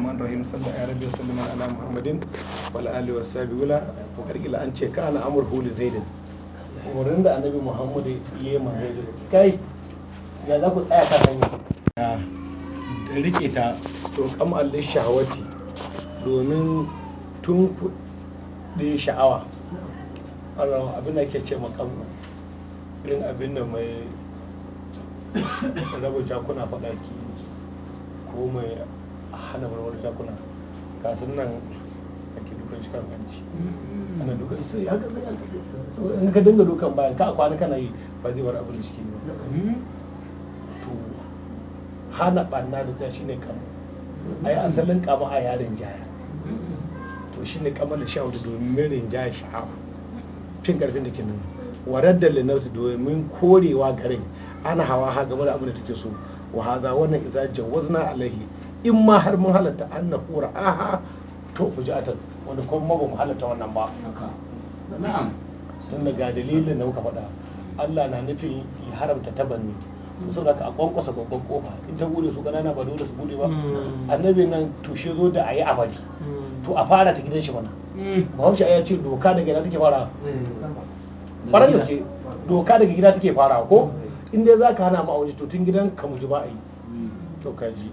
الرحمن الرحيم صلى الله عليه وسلم على محمد وعلى آله وصحبه ولا وقد قيل أن شيء كان أمره لزيد wurin da annabi muhammad ya yi manzo kai ya za ku tsaya kan hanya rike ta to kam allin shahawati domin tun da sha'awa Allah abin da ce makam irin abin da mai raba jakuna faɗaki ko mai hana warwar shakuna kasin nan ake dukan shi kan hanci mm-hmm. ana dukan sai haka sai haka sai in ka dinga dukan bayan ka kwana kana yi ba zai bar abin da shi ba mm-hmm. to hana banna da tsaya shine kama ai asalin kama a yaren jaya mm-hmm. to shine kama da sha hudu domin jaya sha'awa fin karfin da ke nuna warar da linarsu domin korewa garin ana hawa ha game da abin da take so wa haza wannan iza jawazna alaihi in ma har mun halatta kura, aha. to ku atal wani kuma ba mu halatta wannan ba na'am tun daga dalilin da muka faɗa Allah na nufin ya haramta tabanni sun haka a kwankwasa babban kofa in ta bude su ganana ba dole su bude ba hmm. annabi nan tushe zo da a yi abadi hmm. to a fara ta gidan shi mana hmm. bahaushe ya ce doka daga gida take fara farar gaske doka daga gida take fara ko in dai za ka hana mu a waje to tun gidan ka muji ba a yi to ka ji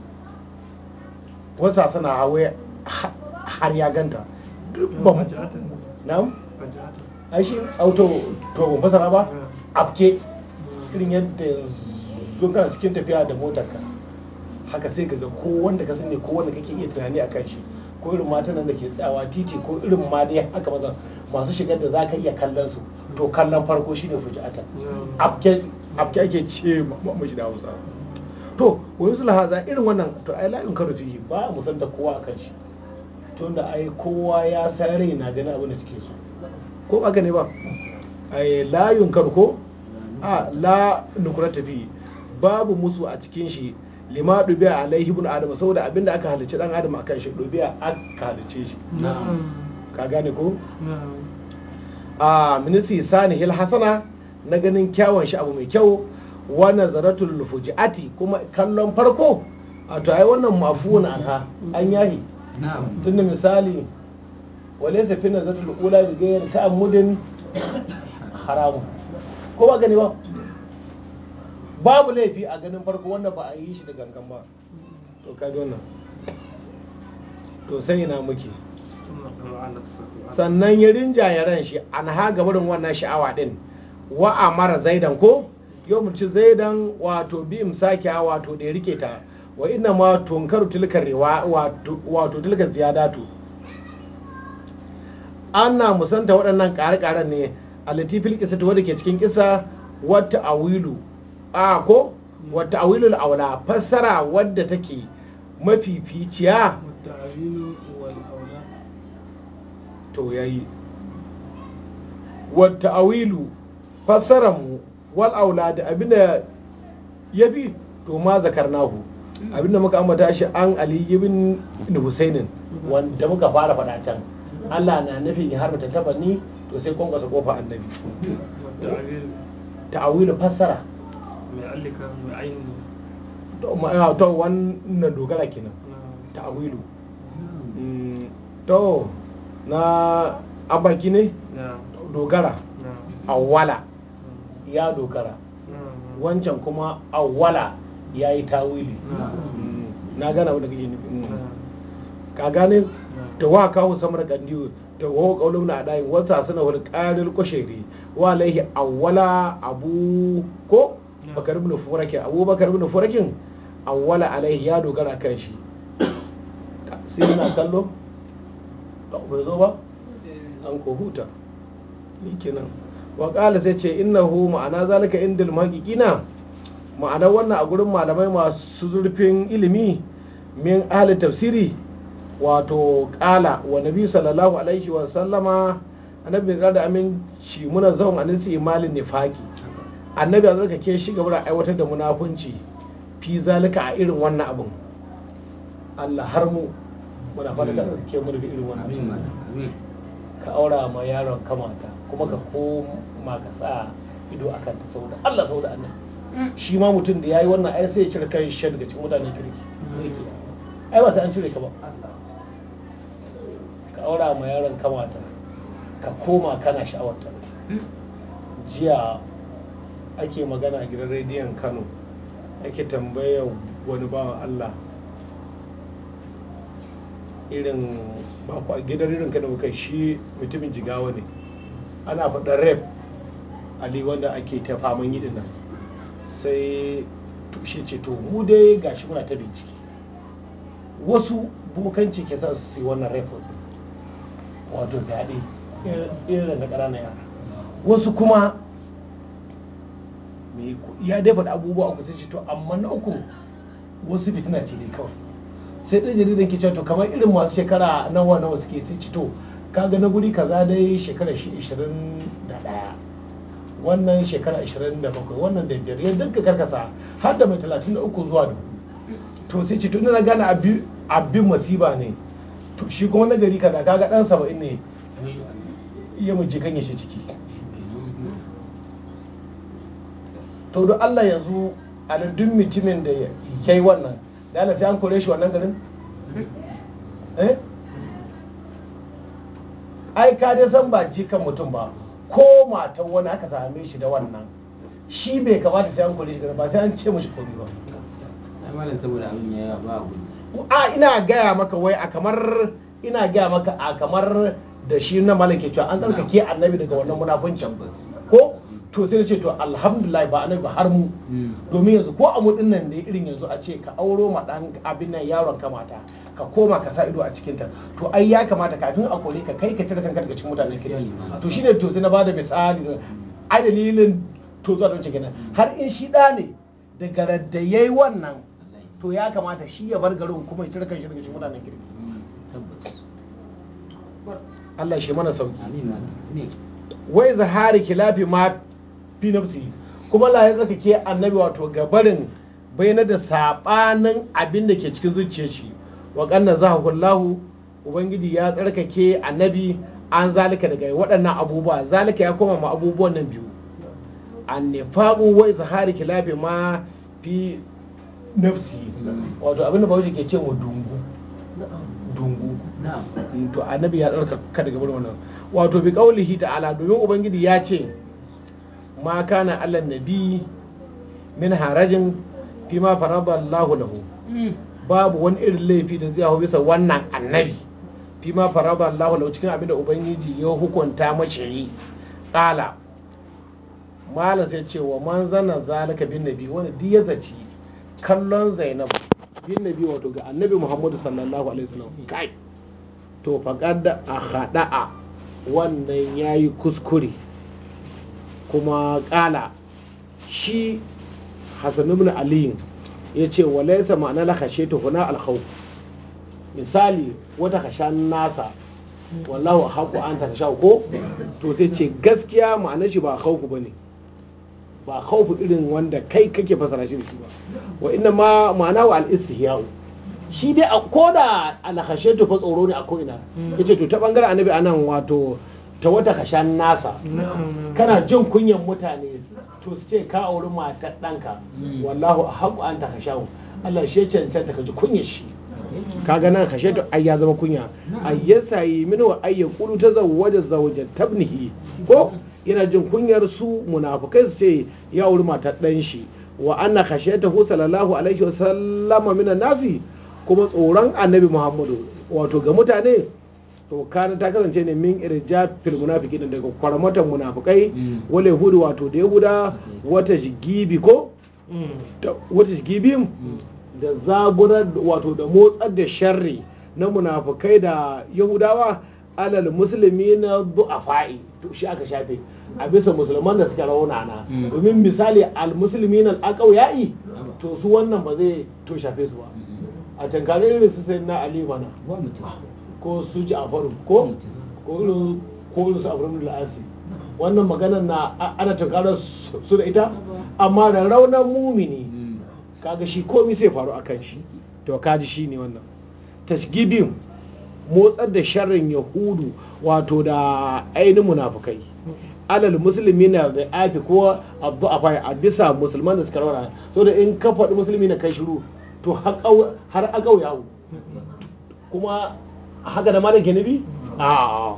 wata suna hawa har ya ganta ai shi auto to ban ba afke irin yadda cikin tafiya da motarka haka sai kaga ko wanda ka sani ko wanda kake iya tunani akan shi ko irin matan da ke tsayawa titi ko irin ma dai haka mazan masu shigar da zaka iya kallon su to kallon farko shine fuji'atan afke afke ake ce mashi da Hausa to wa yusla lahaza irin wannan to ai la'in karo fihi ba mu san da kowa kan shi tunda ai kowa ya sayar rai na gani abin da take su. ko ba gane ba ai layun karo ko a la nukura tafi babu musu a cikin shi lima dubiya alaihi bin adam saboda abinda aka halicci dan adam akan shi dubiya aka halicce shi ka gane ko a minisi sani hil hasana na ganin kyawun shi abu mai kyau wa nazaratul fujiati kuma kallon farko a to ai wannan mafuwan anha an yahi tunda misali walaysa fi nazaratul ula bi ghayr ta'ammudin haramun ko ba gani ba babu laifi a ganin farko wanda ba a yi shi da gangan ba to ka wannan to sai na muke sannan ya rinjaye ran shi an ha gabarin wannan sha'awa din wa amara zaidan ko yau mu ci zaidan wato bi a wato da ya rike ta wa inna ma tunkar tilkar rewa wato tilkar ziyadatu ana musanta waɗannan ƙare-ƙaren ne a latifil kisa ta wadda ke cikin kisa wata awilu a ko wata wilu aula fassara wadda take mafificiya to yayi wata awilu mu. wal aula da abinda ya bi to ma zakarnahu abinda muka ambata shi an ali ibn husainin wanda muka fara fada can Allah na nufin ya harba ta ni to sai kun kasa kofa annabi ta'awilu fassara ah, to wannan dogara kenan ta'awilu mm, to na abaki ne dogara wala. ya dokara wancan kuma awwala ya yi tawili na gana wadda kake nufi mm. ka gane ta wa kawo samar gandiyo ta wa kaulun na dai wata sana wal qaril kushiri wa laihi awwala abu ko bakar ibn furakin abu bakar ibn furakin awwala alaihi ya dogara kan shi sai yana kallo ba zo ba an ko huta ni kenan Waƙala sai ce innahu ma'ana zalika indal muhaqqiqina ma'ana wannan a gurin malamai masu zurfin ilimi min ahli tafsiri wato ƙala. wa nabi sallallahu alaihi wa sallama annabi da da aminci muna zaun nisi imalin nifaqi annabi zalika ke shi ga wurin aiwatar da munafunci fi zalika a irin wannan abin. Allah har mu muna fata da ke irin wannan ka aura ma yaron kamata, kuma ka koma ka sa ido akan ta da Allah da annan shi ma mutum da ya yi wannan ayar sai ya cire kai shan daga cikin mutanen kirki ai ba sai an cire ka ba ka aura ma yaron kamata, ka koma kana ta jiya ake magana a gidan rediyon Kano ake tambayar wani bawan Allah irin a gidan irin kada kai shi mutumin jigawa ne ana faɗar rep ali wanda ake ta faman yi nan sai shi ce to mu dai gashi muna ta bincike wasu bukanci ke sa su yi wannan rep wato fyaɗe irin da ƙananan yara wasu kuma ya dai faɗi abubuwa uku sai to amma na uku wasu fitina ce dai kawai sai ɗan jaridan ke cewa to kamar irin masu shekara nawa nawa suke sai ci to kaga na guri kaza dai shekara shi da ɗaya wannan shekara da bakwai wannan da biyar yadda ka karkasa har da mai talatin da uku zuwa dubu to sai ci to ina gane abin masiba ne to shi kuma na gari kaza kaga dan saba'in ne iya mu je ya shi ciki to don Allah yanzu a mutumin da ya yi wannan da sai an kore shi wannan garin eh ai ka dai san ba jikan mutum ba ko matan wani aka same shi da wannan shi bai kamata sai an kore shi ba sai an ce mushi komai ba a ina gaya maka wai a kamar ina gaya maka a kamar da shi na malam ke cewa an tsarkake annabi daga wannan munafuncin ko to sai ce to alhamdulillah ba anan ba har mu hmm. domin yanzu ko a mudin nan ne irin yanzu a ce ka auro ma dan abin nan yaron ka mata ka koma ka sa ido a cikin ta to ai ya kamata kafin a kore ka kai ka cire kanka daga cikin mutanen kirki to shine to sai na bada misali hmm. ai dalilin to zuwa don kenan hmm. har in shi da ne da garar da yayi wannan to ya kamata shi ya bar garin kuma ya cire kanshi daga cikin mutanen kirki Allah shi mana sauki wai zahari kilafi ma fi nafsi kuma la ya tsarkake annabi wato gabarin bayyana da sabanin abin da ke cikin zuciyar shi wa kanna zahakullahu ubangiji ya tsarkake annabi an zalika daga waɗannan abubuwa zalika ya koma ma abubuwan nan biyu an nifaqu wa izhari kilabi ma fi nafsi wato abin da bawai ke ce wa dungu dungu to annabi ya tsarkaka daga wannan wato bi qaulihi ta'ala domin ubangiji ya ce ma kana allan nabi min harajin fi ma farada Allahu lahu hmm. babu wani irin laifi da zai hau bisa wannan annabi fi ma farada Allahu lahu cikin abin da ubangiji ya hukunta mace yi qala malam sai ce wa man zana zalika bin nabi wani duk ya zaci kallon Zainab bin nabi wato ga annabi Muhammadu sallallahu alaihi wasallam kai to faqad a khada'a wannan yayi kuskure kuma ƙala shi hasan ibn aliyin ya ce walaisa ma'ana la kashe ta huna misali wata kashan nasa wallahu haku an ta kasha ko to sai ce gaskiya ma'ana shi ba ba ne ba khawfu irin wanda kai kake fasara shi da shi ba wa inna ma'ana wa al-istihya'u shi dai a koda alhashe tufa tsoro ne a ko'ina hmm. ya ce to ta bangaren annabi anan wato ta wata kashan nasa kana jin kunyan mutane to su ce ka auri matar ɗanka mm. wallahu a haƙu an ta kashahu Allah shi cancanta ka ji kunya shi kaga nan kashe to ai ya zama kunya ai ya sayi min wa ai ta zawwaja zawja tabnihi ko yana jin kunyar su munafukai su ce ya auri matar ɗan shi wa anna khashiyatahu sallallahu alaihi wa sallama min nasi kuma tsoron annabi muhammadu wato ga mutane to kana ta kasance ne min irja munafiki munafiqin daga kwaramatan munafikai wale hudu wato da yahuda wata jigibi ko wata jigibi da zagunar wato da motsar da sharri na munafukai da yahudawa alal musulmi na du'afa'i to shi aka shafe a bisa musulman da suka na. domin misali al musulmi na yi to su wannan ba zai to shafe su ba a can irin su sai na alimana ko su ja'faru ko ko ko irin su abu da asi wannan maganar na ana tunkarar su da ita amma da raunar mumini kaga shi komi sai faru a kan shi to kaji shi ne wannan tasgibin motsar da sharrin yahudu wato da ainihin munafukai alal musulmi na da afi ko abu a faya a bisa musulman da suka rawara, so da in ka faɗi musulmi na kai shiru to har agau yawo kuma haka da malam ke nufi mm. a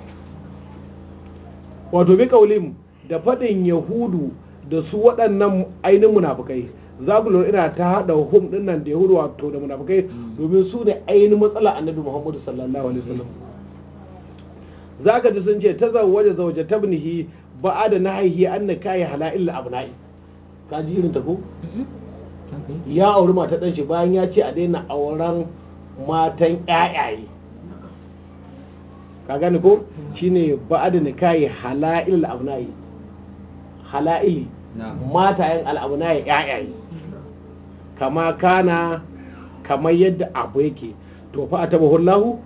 wato bi kaulim da faɗin yahudu da su waɗannan ainihin munafukai za ku lura ina ta haɗa hukum ɗin nan da yahudu wato da munafukai mm. domin su ne ainihin matsala annabi muhammadu sallallahu alaihi wasallam mm. za ka ji sun ce ta ta zawaje tabnihi ba'a da na haihi an na kayi hala'il abna'i ka ji irin ta ko ya auri mata ɗan shi bayan ya ce a daina auren matan ƴaƴaye ka gane ko hmm. shine ba'ada nikahi hala'il al'abnai hala'ili matayen al'abnai yayaye hmm. kama kana kamar yadda abu yake to fa taba hullahu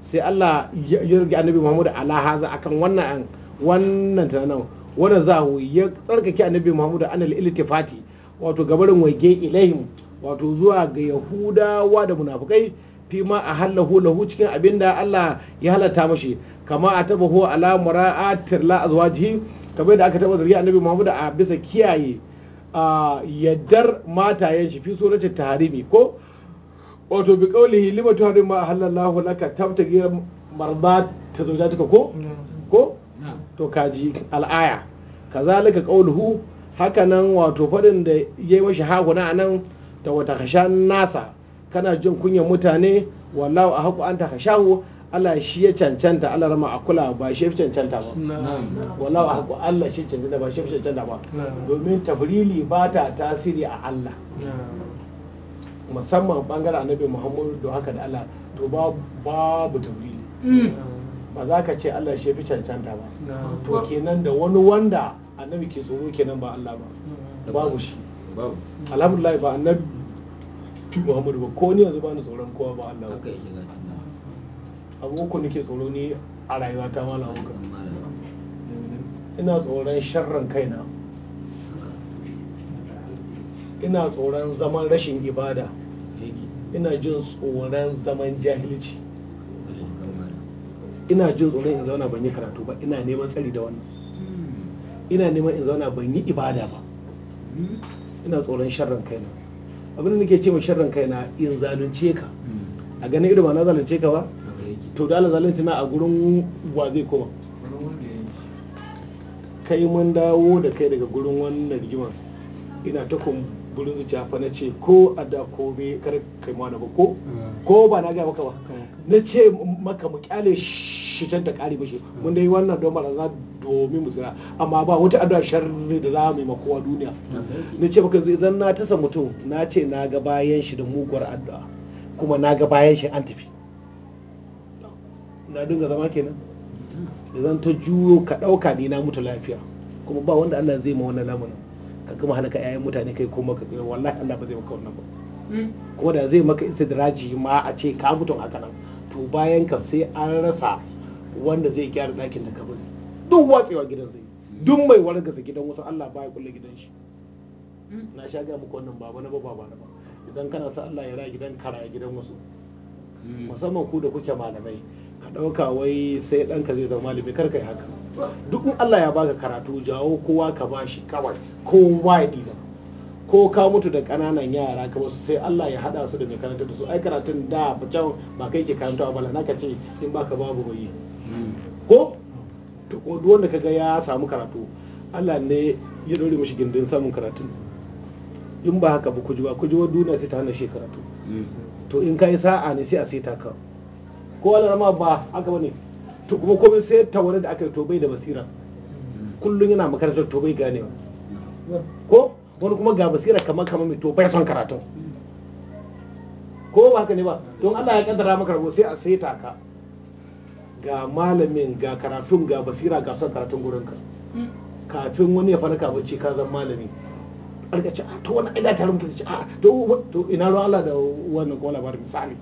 sai Allah ya rage annabi Muhammadu ala haza akan wannan wannan tunanin wannan zahu ya tsarkake annabi Muhammadu anil iltifati wato gabarin wage ilaihim wato zuwa ga yahudawa da munafukai fi ma a hallahu lahu cikin abin da Allah ya halatta mashi kama a taba ho ala mura'atir la azwajihi kamar da aka taba zargi annabi Muhammad a bisa kiyaye yaddar matayen shi fi suratul tahrimi ko wato bi qawlihi lima tuhrim ma halallahu laka tabtagi marbat ta zawjatuka ko ko to kaji al'aya kazalika qawluhu hakanan wato fadin da yayi mashi na anan ta wata kashan nasa kana jin kunyar mutane wallahu a haku an taka shahu Allah shi ya cancanta Allah rama a kula ba shi ya cancanta ba wallahu a haku Allah shi cancanta ba shi ya cancanta ba domin tabrili ba ta tasiri a Allah musamman bangaren annabi Muhammadu da haka da Allah to babu tabrili mm. ba za ka ce Allah shi ya fi cancanta ba to kenan da wani wanda annabi ke tsoro kenan ba Allah ba babu shi mm. alhamdulillah ba annabi fi muhammadu ba ko ni yanzu ba ni tsoron kowa ba Allah ba abu uku nake tsoro ni a rayuwa ta mala uku ina tsoron sharran kaina ina tsoron zaman rashin ibada ina jin tsoron zaman jahilci ina jin tsoron in zauna ban yi karatu ba ina neman tsari da wannan hmm. ina neman in zauna ban yi ibada ba hmm. ina tsoron sharran kaina abin da nake ce ma sharrin na yin zalunce ka a ganin ido ba na zalunce ka ba to da zalunci na a gurin wa zai koma kai mun dawo da kai daga gurin wannan rigimar ina ta gurin zuciya fa na ce ko a da kome kar kai na ba mm. ko ba na ga maka ba na ce maka mu kyale shi shitar da ƙari bashi mun dai wannan don barazana domin mu tsira amma ba wata addu'a sharri da za mu yi makowa duniya na ce baka idan na tasa mutum na ce na ga bayan shi da muguwar addu'a kuma na ga bayan shi an tafi na dinga zama kenan idan ta juyo ka ɗauka ni na mutu lafiya kuma ba wanda Allah zai ma wannan lamunin ka gama halaka 'ya'yan mutane kai kuma ka tsira wallahi Allah ba zai maka wannan ba kuma da zai maka istidraji ma a ce ka mutum haka nan to bayan ka sai an rasa wanda zai gyara ɗakin da ka duk watsewa gidan zai duk mai wargaza gidan wasu Allah baya kulle gidan shi na sha ga muku wannan baba na ba baba na ba idan kana sa Allah ya ra gidan kara a gidan wasu hmm. musamman ku da kuke malamai ka ɗauka wai sai ɗanka zai zama malami kar ka yi haka duk Allah ya baka karatu jawo kowa ka bashi kawai kowa ya dida. ko ka mutu da kananan yara ka wasu sai Allah ya haɗa su da mai karatu da su ai karatun da can ba kai ke karanta ba na ka ce in baka babu bai ko to ko duk wanda kaga ya samu karatu Allah ne ya dore mishi gindin samun karatun in ba haka ba ku jiwa duniya sai ta hana shi karatu to in kai sa'a ne sai a ta ka ko wani ma ba haka bane to kuma komai sai ta wani da aka yi to bai da basira kullum yana makarantar to bai ganewa ko wani kuma ga basira kamar kamar mai to bai son karatun ko ba haka ne ba don Allah ya kaddara maka rabo sai a ta ka ga malamin ga karatun ga basira ga son karatun gurinka kafin wani ya falaka bacci ka zan malami arka ce a ah, to wani aida tare muke ce a ah, to ina ruwa Allah da wannan ko labarin misali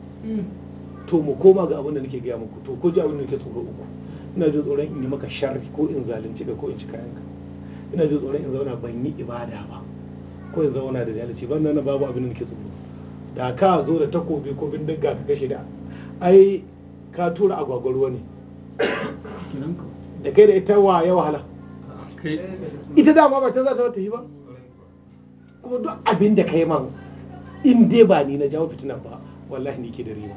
to mu koma ga abin da nake gaya muku to ko ji abin da nake tsoro uku ina jin tsoron in yi maka sharri ko in zalunci ka ko in ci kayanka ina jin tsoron in zauna ban yi ibada ba ko in zauna da zalunci ban nan babu abin da nake tsoro da ka zo da takobi ko bindiga ka kashe da ai ka tura agwagwa ne da kai da ita wa ya wahala ita dama ba ta za ta yi ba kuma duk abin da ka yi man in dai ba ni na jawo fitinan ba wallahi ni ke da riba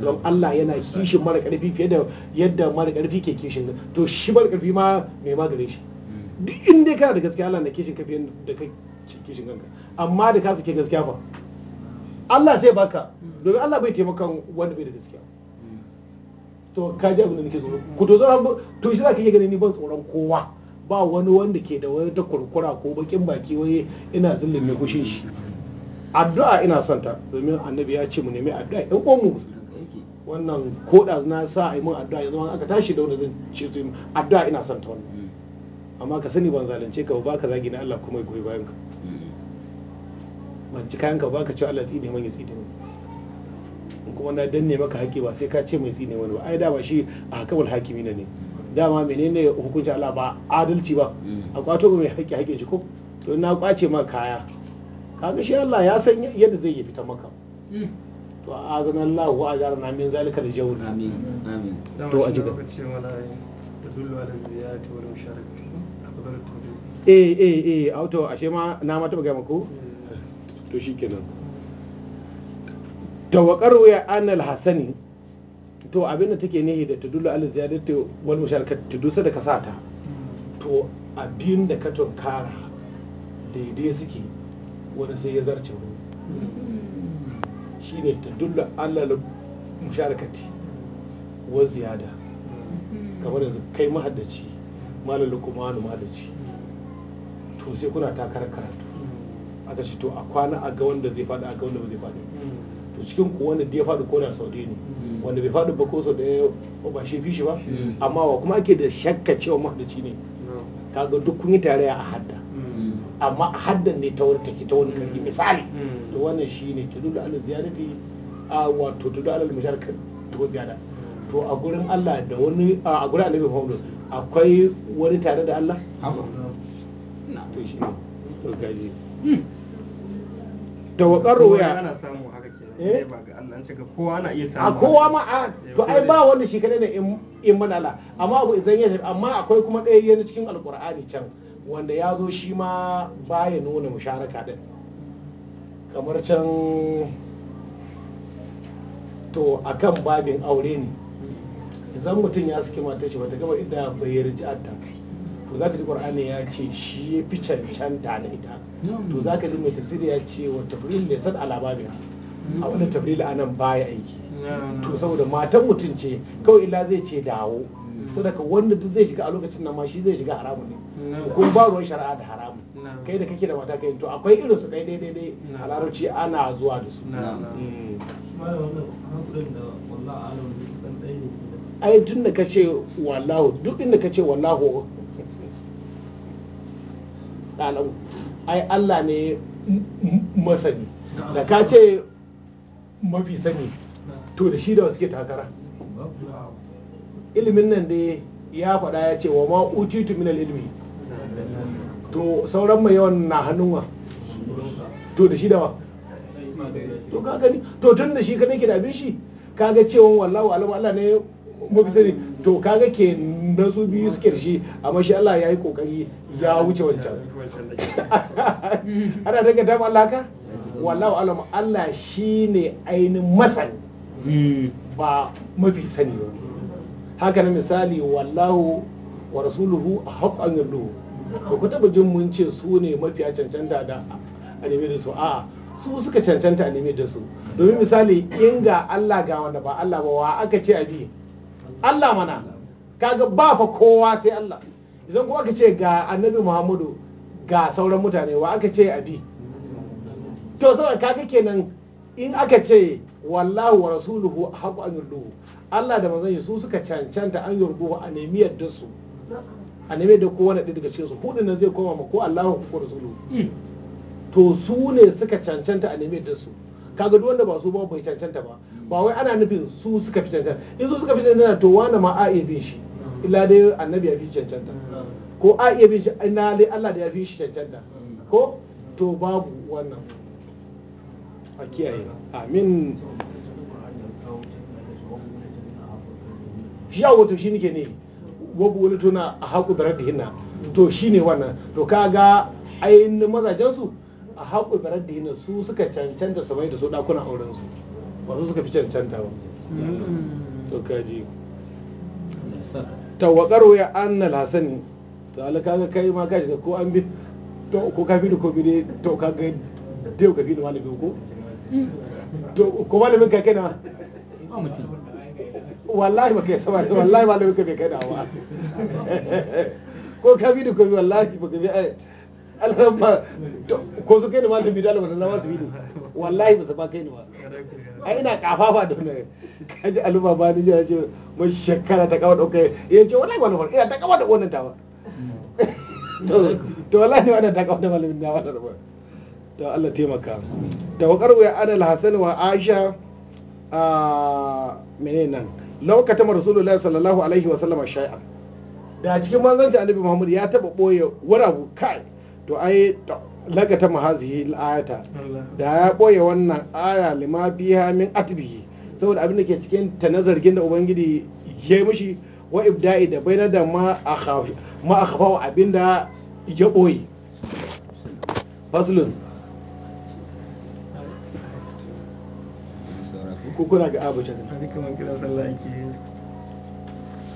don Allah yana kishin mara karfi fiye da yadda mara karfi ke kishin to shi mara karfi ma mai maganin shi hmm. duk in dai kana da gaskiya Allah na kishin ka da kai kishin kanka amma da ka ke gaskiya fa Allah sai baka hmm. domin Allah bai taimakon wanda bai da gaskiya to ka ji abin da nake tsoro ku to zara to shi zaka iya ganin ni ban tsoron kowa ba wani wanda ke da wani ta ko bakin baki waye ina zullum mai kushin shi addu'a ina son ta domin annabi ya ce mu nemi addu'a ɗan uwan mu musulmi wannan ko da na sa a yi min addu'a yanzu aka tashi da wani zan ce su addu'a ina son ta wannan amma ka sani ban zalunce ka ba ka zagi na Allah kuma ya goyi bayan ka mm-hmm. ban ci kayan ka ba ka ci Allah tsine man ya tsine man kuma na danne maka haƙi ba sai ka ce mai tsine wani ba ai dama shi a hakamul hakimi ne dama menene hukunci Allah ba adalci ba a kwato mai haƙi haƙin shi ko to na kwace ma kaya kaga shi Allah ya san yadda zai yi fita maka to a azanan Allah wa na min zalika da jawr amin amin to a jiga eh eh eh auto ashe ma na mata ga muku eh. to shikenan Tawakar wa qarwiya anal hasani to abin da take nihi da tudulu al ziyadatu wal musharaka tudusa da kasata to abin da ka tunkara daidai suke wani sai ya zarce wani shine tudulu alal musharakati wa ziyada kamar yanzu kai mahaddaci malam lukumanu mahaddaci to sai kuna takarar karatu aka ce to a kwana a ga wanda zai faɗi a ga wanda ba zai faɗi to cikin ku wanda da ya faɗi ko da sau ɗaya ne mm. wanda bai faɗi ba ko sau ɗaya ba shi fishi shi ba mm. amma wa kuma ake da shakka cewa mahadaci ne kaga duk kun yi tare a hadda mm. amma a haddan ne ta wurta ta wani karfi misali to wannan shi ne tudu da alal ziyarati a wato tudu alal ta to ziyara to a gurin Allah da wani a gurin Annabi Muhammad akwai wani tare da Allah to shi ne to gaji hmm. to ya ana samu Eh? ba kowa na iya samu a kowa ma a eh, to ai ba wanda shi kadai ne in manala amma abu idan ya amma akwai kuma ɗaya yana cikin alkur'ani can wanda ya zo shi ma baya nuna musharaka din kamar can to akan babin aure ne idan mutum ya saki mata shi bata gaba inda bai yarda ta to zaka ji qur'ani ya ce shi ya fi cancanta na ita to zaka ji mai tafsiri ya ce wa tafrin da san alababiha auna tabril anan baya aiki to saboda matan mutum ce kawai illa zai ce dawo mm. sadaka wanda duk zai shiga a lokacin nan ma shi zai shiga haramun ne kuma ba ruwan shari'a da haramun kai da kake da mata kai to akwai irin su dai dai dai a larabci ana zuwa da su mm. ai tun da kace wallahu duk inda kace wallahu ai Allah ne masani da ka ce mafi sani to da shi da suke takara ilimin nan dai ya faɗa ya ce wa ma ujitu minal ilimi to sauran mai yawan na hannunwa to da shi da wa to ka gani to tun da shi ka ke da abin shi ga cewa wallahu alam Allah ne mafi sani to kaga ke na su biyu suke da shi amma shi Allah ya yi kokari ya wuce wancan ana daga dama Allah ka wallahu alam Allah shine ainihin masani hmm. ba mafi sani ba haka na misali wallahu wa rasuluhu a haƙƙan yallo ba ku taɓa jin mun ce su ne a cancanta da a neme da su a su suka cancanta a neme da su domin misali in ga Allah ga wanda ba Allah ba wa aka ce a bi Allah mana kaga ba fa kowa sai Allah idan ko aka ce ga annabi Muhammadu ga sauran mutane wa aka ce a bi to saboda kaga kenan in aka ce wallahu wa rasuluhu haqu an yurduhu Allah da manzon su suka cancanta an yurduhu a nemi yadda su a nemi da kowa ɗaya daga cikin su hudun nan zai koma ma ko Allahu ko rasuluhu to su ne suka cancanta a nemi yadda su kaga duk wanda ba su ba bai cancanta ba ba wai ana nufin su suka fi cancanta in su suka fi cancanta to wani ma a iya bin shi illa dai annabi ya fi cancanta ko a iya bin shi ina dai Allah da ya fi shi cancanta ko to babu wannan a kiyaye amin shi a wato shi nike ne wabu wani tuna a haƙu da hinna to shi ne wannan to kaga ainihin mazajensu a haƙu da hinna su suka cancanta su mai da su ɗakunan aurensu ba su suka fi cancanta ba mm-hmm. to kaji tawakar ya annal hasani to ala ga kai ma ka shiga ko an bi ko ka fi da ko bi dai to kaga dai ka fi da malami ko ko ko malamin kai kai na wallahi baka saba wallahi malamin kai kai na ba ko ka bi da ko bi wallahi baka bi alhamma ko su kai da malami da alhamma na wasu bidu wallahi ba su kai ni ba ai ina kafafa da wannan kaji aluma ba ni ya ce mun shekara ta kawo dauke ce wallahi wannan ina ta kawo da wannan tawa mm. to wallahi wannan ta kawo da malamin na wannan da Allah taimaka wakar wa adal hasan wa aisha a menene nan lokacin rasulullahi sallallahu alaihi wa sallama shay'an da cikin manzanci annabi muhammad ya taba boye wani abu kai to ai lagata mahazihi ayata da ya boye wannan aya lima biha min atbihi saboda abin da ke cikin ta na zargin da ubangiji ya mishi wa ibda'i da bayyana da ma a abin da ya boye faslun ko kuna ga abu shaka a kiran sallah ake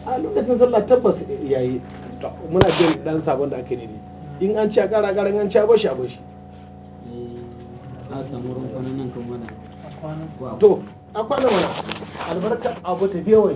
a lokacin sallah tabbas eh, yayi muna jin dan sabon da ake ne hmm. in an ci a ƙara-ƙara, kara an ci a bashi a bashi eh, a samu nan kan mana to a kwana mana albarkar abu